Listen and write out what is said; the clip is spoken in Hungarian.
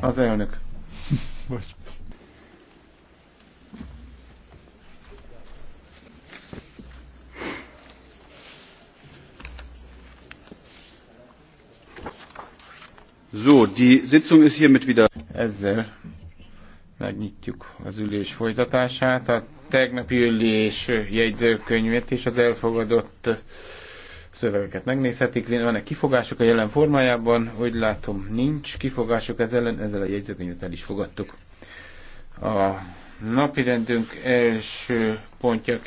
Az elnök. So, die Sitzung ist hiermit wieder. Ezzel megnyitjuk az ülés folytatását, a tegnapi ülés jegyzőkönyvét és az elfogadott szövegeket megnézhetik. van Van-e kifogások a jelen formájában, úgy látom nincs kifogások ezzel ellen, ezzel a jegyzőkönyvet el is fogadtuk. A napirendünk első pontja